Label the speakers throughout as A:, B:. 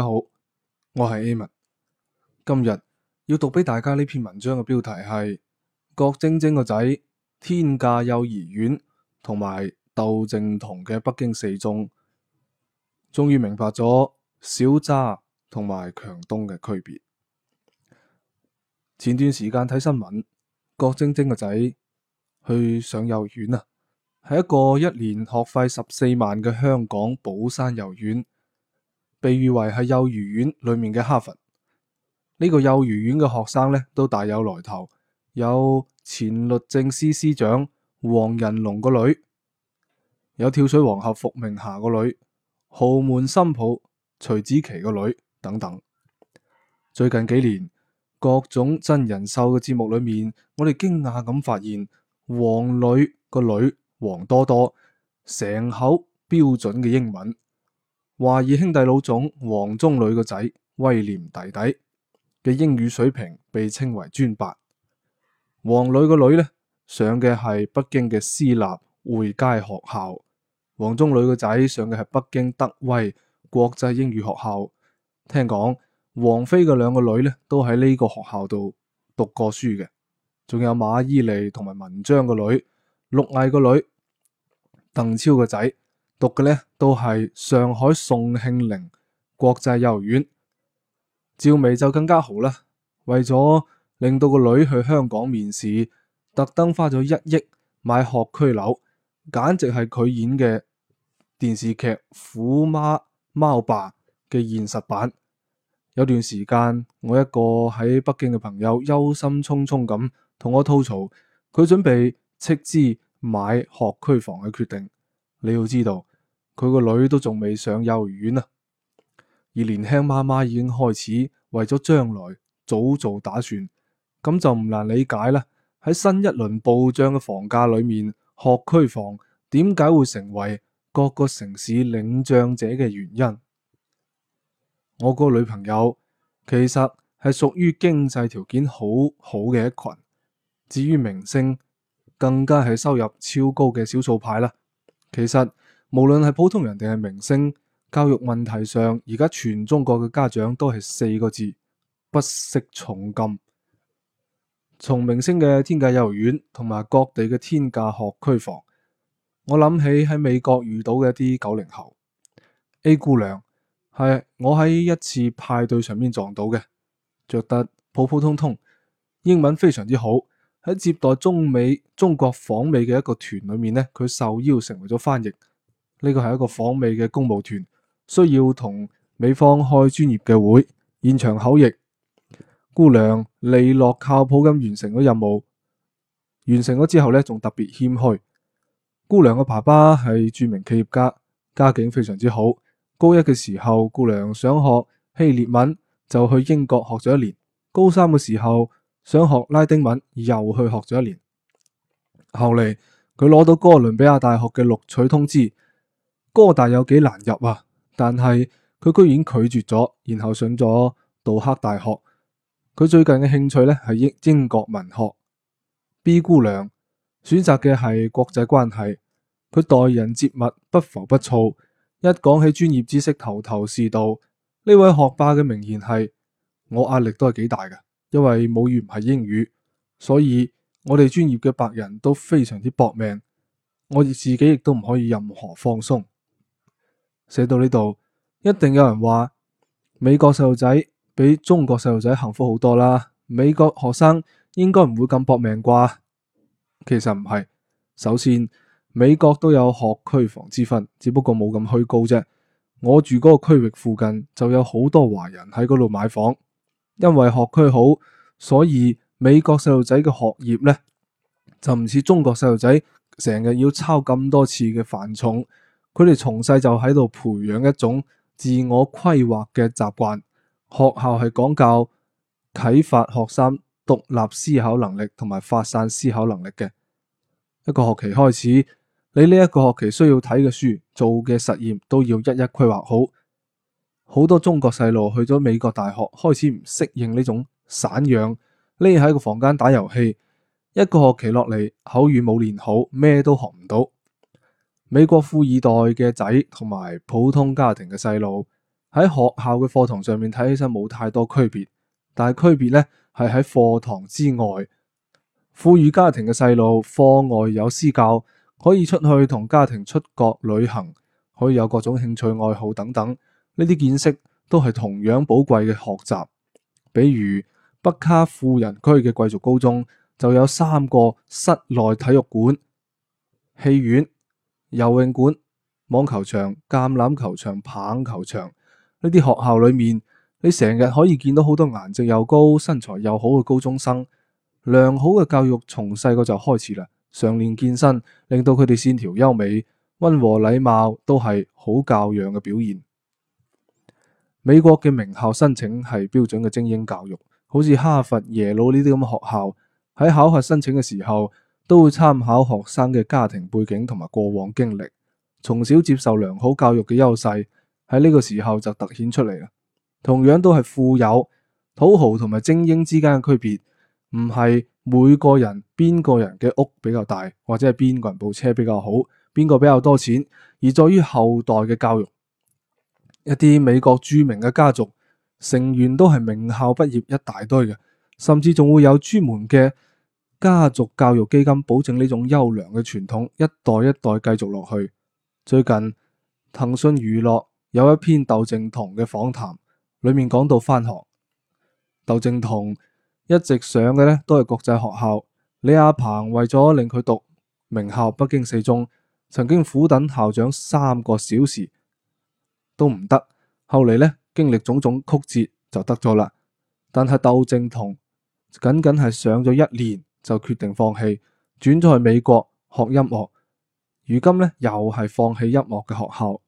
A: 大家好，我係 Amen。今日要讀俾大家呢篇文章嘅標題係郭晶晶個仔天價幼兒園正同埋竇靖童嘅北京四中，終於明白咗小扎同埋強東嘅區別。前段時間睇新聞，郭晶晶個仔去上幼兒園啊，係一個一年學費十四萬嘅香港寶山幼兒園。被譽為係幼兒園裏面嘅哈佛，呢、這個幼兒園嘅學生咧都大有來頭，有前律政司司長黃仁龍個女，有跳水皇后伏明霞個女，豪門新抱徐子淇個女等等。最近幾年，各種真人秀嘅節目裏面，我哋驚訝咁發現，黃磊個女黃多多，成口標準嘅英文。華誼兄弟老總王中磊個仔威廉弟弟嘅英語水平被稱為專八。黃磊個女咧上嘅係北京嘅私立匯佳學校。王中磊個仔上嘅係北京德威國際英語學校。聽講王菲嘅兩個女咧都喺呢個學校度讀過書嘅。仲有馬伊琍同埋文章個女，陸毅個女，鄧超個仔。讀嘅呢都係上海宋慶齡國際幼兒園，趙薇就更加豪啦，為咗令到個女去香港面試，特登花咗一億買學區樓，簡直係佢演嘅電視劇《虎媽貓爸》嘅現實版。有段時間，我一個喺北京嘅朋友憂心忡忡咁同我吐槽，佢準備斥資買學區房嘅決定，你要知道。佢個女都仲未上幼兒園啊，而年輕媽媽已經開始為咗將來早做打算，咁就唔難理解啦。喺新一輪暴漲嘅房價裏面，學區房點解會成為各個城市領漲者嘅原因？我個女朋友其實係屬於經濟條件好好嘅一群，至於明星更加係收入超高嘅少數派啦。其實。無論係普通人定係明星，教育問題上，而家全中國嘅家長都係四個字：不惜重金。從明星嘅天價幼兒園同埋各地嘅天價學區房，我諗起喺美國遇到嘅一啲九零後。A 姑娘，係我喺一次派對上面撞到嘅，着得普普通通，英文非常之好。喺接待中美中國訪美嘅一個團裏面呢，佢受邀成為咗翻譯。呢個係一個訪美嘅公務團，需要同美方開專業嘅會，現場口譯。姑娘利落靠譜咁完成咗任務，完成咗之後呢，仲特別謙虛。姑娘嘅爸爸係著名企業家，家境非常之好。高一嘅時候，姑娘想學希列文，就去英國學咗一年。高三嘅時候，想學拉丁文，又去學咗一年。後嚟佢攞到哥倫比亞大學嘅錄取通知。哥大有幾難入啊，但係佢居然拒絕咗，然後上咗杜克大學。佢最近嘅興趣呢，係英英國文學。B 姑娘選擇嘅係國際關係。佢待人接物不浮不躁，一講起專業知識頭頭是道。呢位學霸嘅名言係：我壓力都係幾大㗎，因為母語唔係英語，所以我哋專業嘅白人都非常之搏命，我哋自己亦都唔可以任何放鬆。寫到呢度，一定有人話美國細路仔比中國細路仔幸福好多啦。美國學生應該唔會咁搏命啩？其實唔係。首先，美國都有學區房之分，只不過冇咁虛高啫。我住嗰個區域附近就有好多華人喺嗰度買房，因為學區好，所以美國細路仔嘅學業呢，就唔似中國細路仔成日要抄咁多次嘅繁重。佢哋從細就喺度培養一種自我規劃嘅習慣。學校係講究啟發學生獨立思考能力同埋發散思考能力嘅。一個學期開始，你呢一個學期需要睇嘅書、做嘅實驗都要一一規劃好。好多中國細路去咗美國大學，開始唔適應呢種散養，匿喺個房間打遊戲。一個學期落嚟，口語冇練好，咩都學唔到。美國富二代嘅仔同埋普通家庭嘅細路喺學校嘅課堂上面睇起身冇太多區別，但係區別呢係喺課堂之外，富裕家庭嘅細路課外有私教，可以出去同家庭出國旅行，可以有各種興趣愛好等等，呢啲見識都係同樣寶貴嘅學習。比如北卡富人區嘅貴族高中就有三個室內體育館、戲院。游泳館、網球場、橄欖球場、棒球場呢啲學校裏面，你成日可以見到好多顏值又高、身材又好嘅高中生。良好嘅教育從細個就開始啦，常年健身令到佢哋線條優美、溫和禮貌，都係好教養嘅表現。美國嘅名校申請係標準嘅精英教育，好似哈佛、耶魯呢啲咁嘅學校，喺考核申請嘅時候。都會參考學生嘅家庭背景同埋過往經歷，從小接受良好教育嘅優勢喺呢個時候就突顯出嚟啦。同樣都係富有、土豪同埋精英之間嘅區別，唔係每個人邊個人嘅屋比較大，或者係邊個人部車比較好，邊個比較多錢，而在於後代嘅教育。一啲美國著名嘅家族成員都係名校畢業一大堆嘅，甚至仲會有專門嘅。家族教育基金保證呢種優良嘅傳統，一代一代繼續落去。最近騰訊娛樂有一篇竇靖童嘅訪談，裏面講到返學。竇靖童一直上嘅咧都係國際學校。李亞鵬為咗令佢讀名校北京四中，曾經苦等校長三個小時都唔得，後嚟咧經歷種種曲折就得咗啦。但係竇靖童僅僅係上咗一年。就決定放棄，轉咗去美國學音樂。如今呢，又係放棄音樂嘅學校。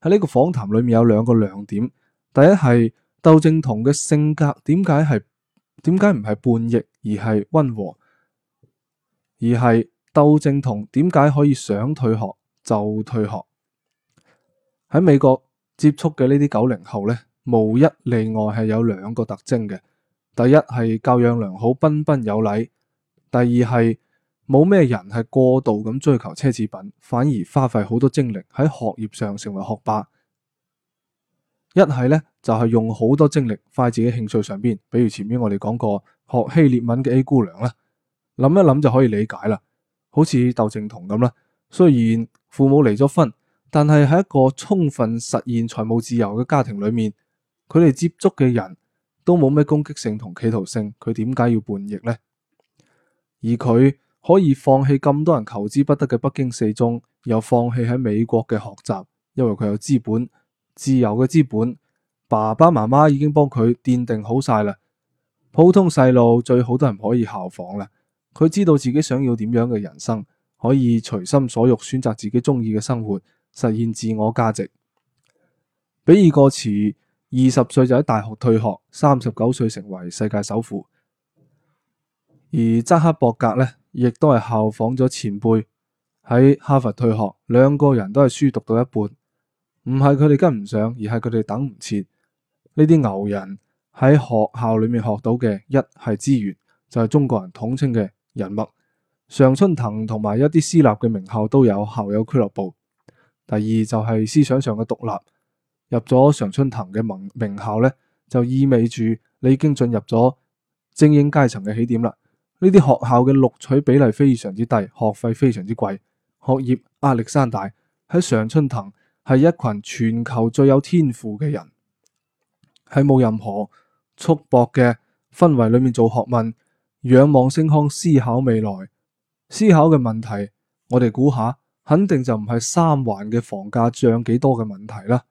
A: 喺呢個訪談裏面有兩個亮點：第一係竇靖童嘅性格點解係，點解唔係叛逆而係溫和，而係竇靖童點解可以想退學就退學。喺美國接觸嘅呢啲九零後呢，無一例外係有兩個特徵嘅：第一係教養良好，彬彬有禮。第二係冇咩人係過度咁追求奢侈品，反而花費好多精力喺學業上成為學霸。一係呢，就係用好多精力花自己興趣上邊，比如前面我哋講過學希列文嘅 A 姑娘啦，諗一諗就可以理解啦。好似竇靖童咁啦，雖然父母離咗婚，但係喺一個充分實現財務自由嘅家庭裏面，佢哋接觸嘅人都冇咩攻擊性同企圖性，佢點解要叛逆呢？而佢可以放棄咁多人求之不得嘅北京四中，又放棄喺美國嘅學習，因為佢有資本、自由嘅資本。爸爸媽媽已經幫佢奠定好晒啦。普通細路最好都唔可以效仿啦。佢知道自己想要點樣嘅人生，可以隨心所欲選擇自己中意嘅生活，實現自我價值。比爾蓋茨二十歲就喺大學退學，三十九歲成為世界首富。而扎克伯格咧，亦都係效仿咗前輩喺哈佛退學，兩個人都係書讀到一半，唔係佢哋跟唔上，而係佢哋等唔切。呢啲牛人喺學校裏面學到嘅，一係資源，就係中國人統稱嘅人脈；常春藤同埋一啲私立嘅名校都有校友俱樂部。第二就係思想上嘅獨立，入咗常春藤嘅名名校咧，就意味住你已經進入咗精英階層嘅起點啦。呢啲學校嘅錄取比例非常之低，學費非常之貴，學業壓力山大。喺常春藤係一群全球最有天賦嘅人，喺冇任何束縛嘅氛圍裏面做學問，仰望星空思考未來，思考嘅問題，我哋估下，肯定就唔係三環嘅房價漲幾多嘅問題啦。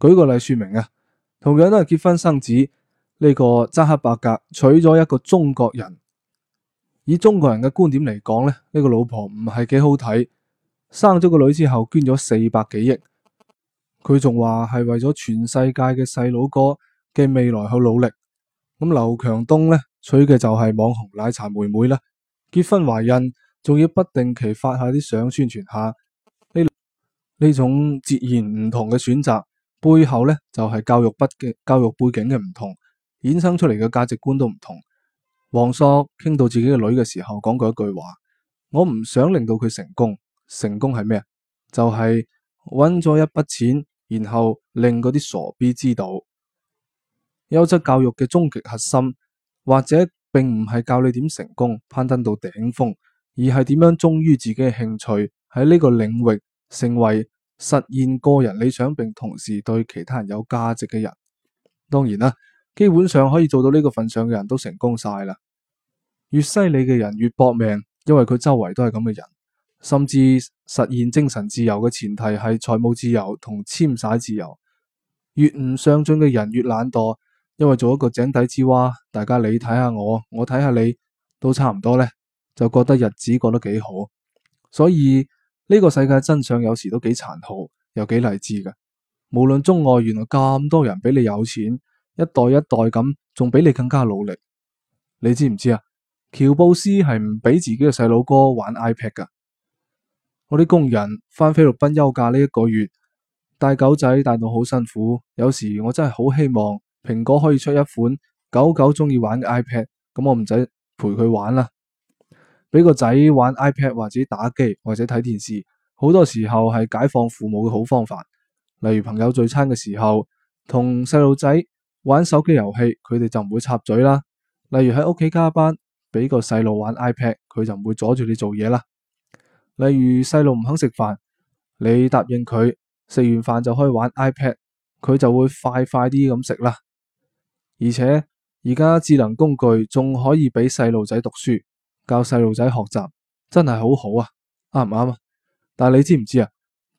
A: 舉個例說明啊，同樣都係結婚生子，呢、這個扎克伯格娶咗一個中國人。以中國人嘅觀點嚟講咧，呢呢個老婆唔係幾好睇，生咗個女之後捐咗四百幾億，佢仲話係為咗全世界嘅細佬哥嘅未來去努力。咁劉強東呢，娶嘅就係網紅奶茶妹妹啦，結婚懷孕仲要不定期發下啲相宣傳下。呢呢種截然唔同嘅選擇背後呢，就係教育不嘅教育背景嘅唔同，衍生出嚟嘅價值觀都唔同。王朔傾到自己嘅女嘅時候，講過一句話：我唔想令到佢成功。成功係咩？就係揾咗一筆錢，然後令嗰啲傻逼知道。優質教育嘅終極核心，或者並唔係教你點成功，攀登到頂峰，而係點樣忠於自己嘅興趣，喺呢個領域成為實現個人理想，並同時對其他人有價值嘅人。當然啦。基本上可以做到呢個份上嘅人都成功晒啦。越犀利嘅人越搏命，因為佢周圍都係咁嘅人。甚至實現精神自由嘅前提係財務自由同遷徙自由。越唔上進嘅人越懶惰，因為做一個井底之蛙，大家你睇下我，我睇下你都差唔多呢，就覺得日子過得幾好。所以呢個世界真相有時都幾殘酷，又幾勵志嘅。無論中外，原來咁多人比你有錢。一代一代咁，仲比你更加努力，你知唔知啊？喬布斯係唔俾自己嘅細佬哥玩 iPad 噶。我啲工人翻菲律賓休假呢一個月，帶狗仔帶到好辛苦，有時我真係好希望蘋果可以出一款狗狗中意玩嘅 iPad，咁我唔使陪佢玩啦。俾個仔玩 iPad 或者打機或者睇電視，好多時候係解放父母嘅好方法。例如朋友聚餐嘅時候，同細路仔玩手機遊戲，佢哋就唔會插嘴啦。例如喺屋企加班，俾個細路玩 iPad，佢就唔會阻住你做嘢啦。例如細路唔肯食飯，你答應佢食完飯就可以玩 iPad，佢就會快快啲咁食啦。而且而家智能工具仲可以俾細路仔讀書、教細路仔學習，真係好好啊。啱唔啱啊？但你知唔知啊？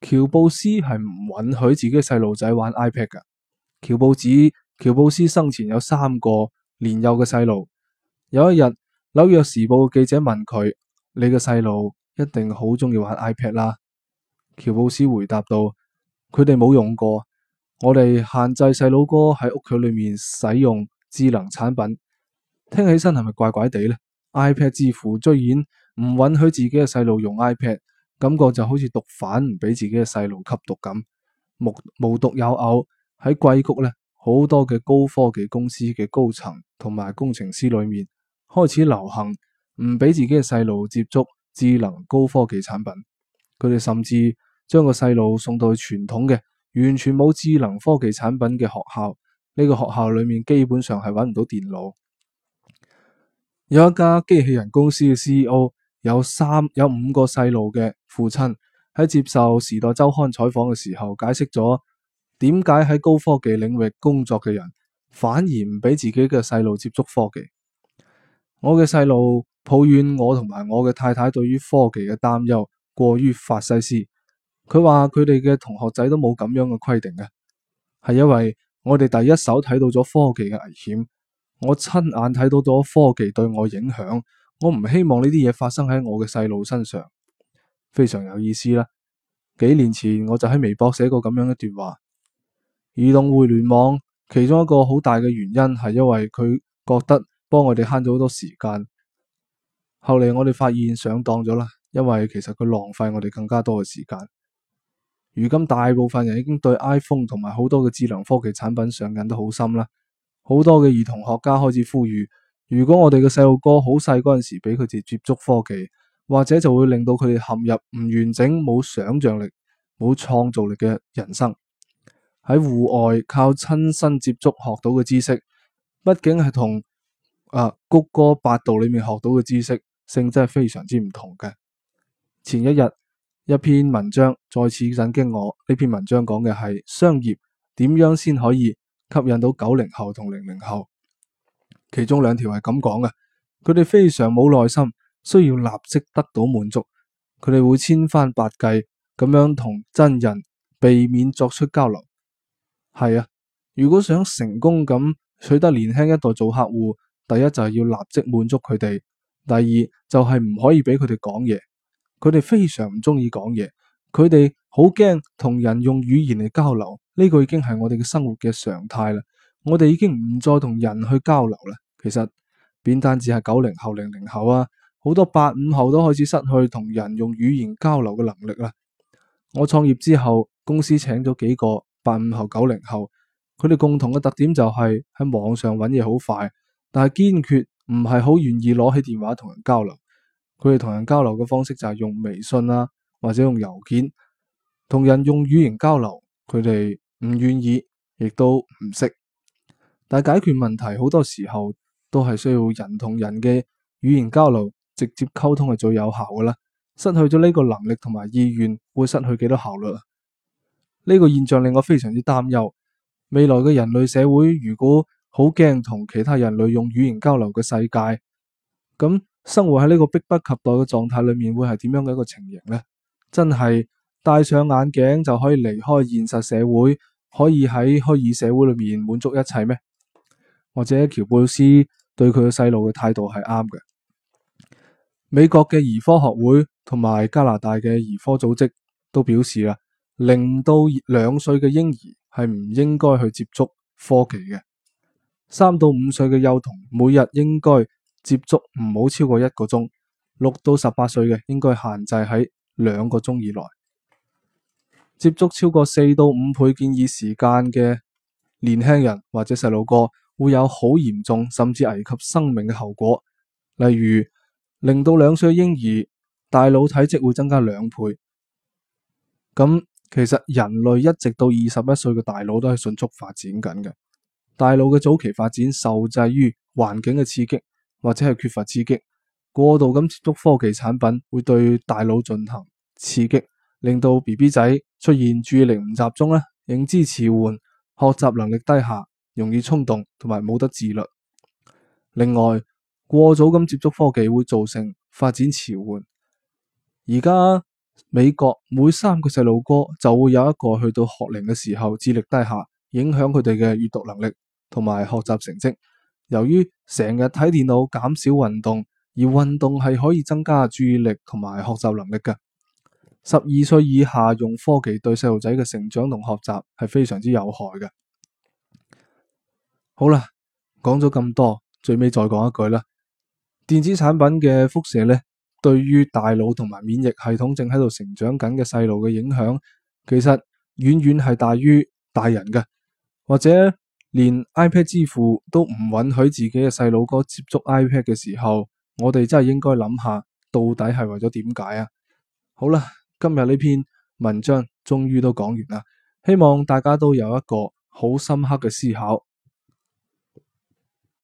A: 喬布斯係唔允許自己細路仔玩 iPad 噶，喬布子。喬布斯生前有三個年幼嘅細路。有一日，紐約時報嘅記者問佢：你嘅細路一定好鍾意玩 iPad 啦？喬布斯回答道：佢哋冇用過，我哋限制細佬哥喺屋企裏面使用智能產品。聽起身係咪怪怪地呢？iPad 之父居然唔允許自己嘅細路用 iPad，感覺就好似毒販唔俾自己嘅細路吸毒咁，無無毒有偶，喺硅谷呢。」好多嘅高科技公司嘅高層同埋工程師裏面，開始流行唔俾自己嘅細路接觸智能高科技產品。佢哋甚至將個細路送到去傳統嘅、完全冇智能科技產品嘅學校。呢個學校裏面基本上係揾唔到電腦。有一家機器人公司嘅 CEO，有三有五個細路嘅父親喺接受《時代周刊》採訪嘅時候解釋咗。點解喺高科技領域工作嘅人反而唔俾自己嘅細路接觸科技？我嘅細路抱怨我同埋我嘅太太對於科技嘅擔憂過於法西斯。佢話佢哋嘅同學仔都冇咁樣嘅規定嘅，係因為我哋第一手睇到咗科技嘅危險，我親眼睇到咗科技對我影響，我唔希望呢啲嘢發生喺我嘅細路身上。非常有意思啦！幾年前我就喺微博寫過咁樣一段話。移動互聯網其中一個好大嘅原因係因為佢覺得幫我哋慳咗好多時間，後嚟我哋發現上當咗啦，因為其實佢浪費我哋更加多嘅時間。如今大部分人已經對 iPhone 同埋好多嘅智能科技產品上癮都好深啦，好多嘅兒童學家開始呼籲，如果我哋嘅細路哥好細嗰陣時俾佢哋接觸科技，或者就會令到佢哋陷入唔完整、冇想象力、冇創造力嘅人生。喺戶外靠親身接觸學到嘅知識，畢竟係同啊谷歌、百度裏面學到嘅知識性質係非常之唔同嘅。前一日一篇文章再次震驚我，呢篇文章講嘅係商業點樣先可以吸引到九零後同零零後。其中兩條係咁講嘅，佢哋非常冇耐心，需要立即得到滿足。佢哋會千翻百計咁樣同真人避免作出交流。係啊，如果想成功咁取得年輕一代做客戶，第一就係要立即滿足佢哋，第二就係唔可以俾佢哋講嘢，佢哋非常唔中意講嘢，佢哋好驚同人用語言嚟交流，呢個已經係我哋嘅生活嘅常態啦，我哋已經唔再同人去交流啦。其實變單只係九零後、零零後啊，好多八五後都開始失去同人用語言交流嘅能力啦。我創業之後，公司請咗幾個。八五後、九零後，佢哋共同嘅特點就係喺網上揾嘢好快，但係堅決唔係好願意攞起電話同人交流。佢哋同人交流嘅方式就係用微信啦、啊，或者用郵件，同人用語言交流。佢哋唔願意，亦都唔識。但係解決問題好多時候都係需要人同人嘅語言交流，直接溝通係最有效嘅啦。失去咗呢個能力同埋意願，會失去幾多效率？呢個現象令我非常之擔憂。未來嘅人類社會如果好驚同其他人類用語言交流嘅世界，咁生活喺呢個迫不及待嘅狀態裏面，會係點樣嘅一個情形呢？真係戴上眼鏡就可以離開現實社會，可以喺虛擬社會裏面滿足一切咩？或者喬布斯對佢嘅細路嘅態度係啱嘅？美國嘅兒科學會同埋加拿大嘅兒科組織都表示啦。零到兩歲嘅嬰兒係唔應該去接觸科技嘅。三到五歲嘅幼童每日應該接觸唔好超過一個鐘。六到十八歲嘅應該限制喺兩個鐘以內。接觸超過四到五倍建議時間嘅年輕人或者細路哥會有好嚴重甚至危及生命嘅後果。例如零到兩歲嬰兒大腦體積會增加兩倍，咁。其實人類一直到二十一歲嘅大腦都係迅速發展緊嘅，大腦嘅早期發展受制於環境嘅刺激，或者係缺乏刺激，過度咁接觸科技產品會對大腦進行刺激，令到 BB 仔出現注意力唔集中咧，認知遲緩，學習能力低下，容易衝動同埋冇得自律。另外，過早咁接觸科技會造成發展遲緩，而家。美國每三個細路哥就會有一個去到學齡嘅時候智力低下，影響佢哋嘅閱讀能力同埋學習成績。由於成日睇電腦，減少運動，而運動係可以增加注意力同埋學習能力嘅。十二歲以下用科技對細路仔嘅成長同學習係非常之有害嘅。好啦，講咗咁多，最尾再講一句啦，電子產品嘅輻射呢。對於大腦同埋免疫系統正喺度成長緊嘅細路嘅影響，其實遠遠係大於大人嘅。或者連 iPad 之父都唔允許自己嘅細路哥接觸 iPad 嘅時候，我哋真係應該諗下，到底係為咗點解啊？好啦，今日呢篇文章終於都講完啦，希望大家都有一個好深刻嘅思考。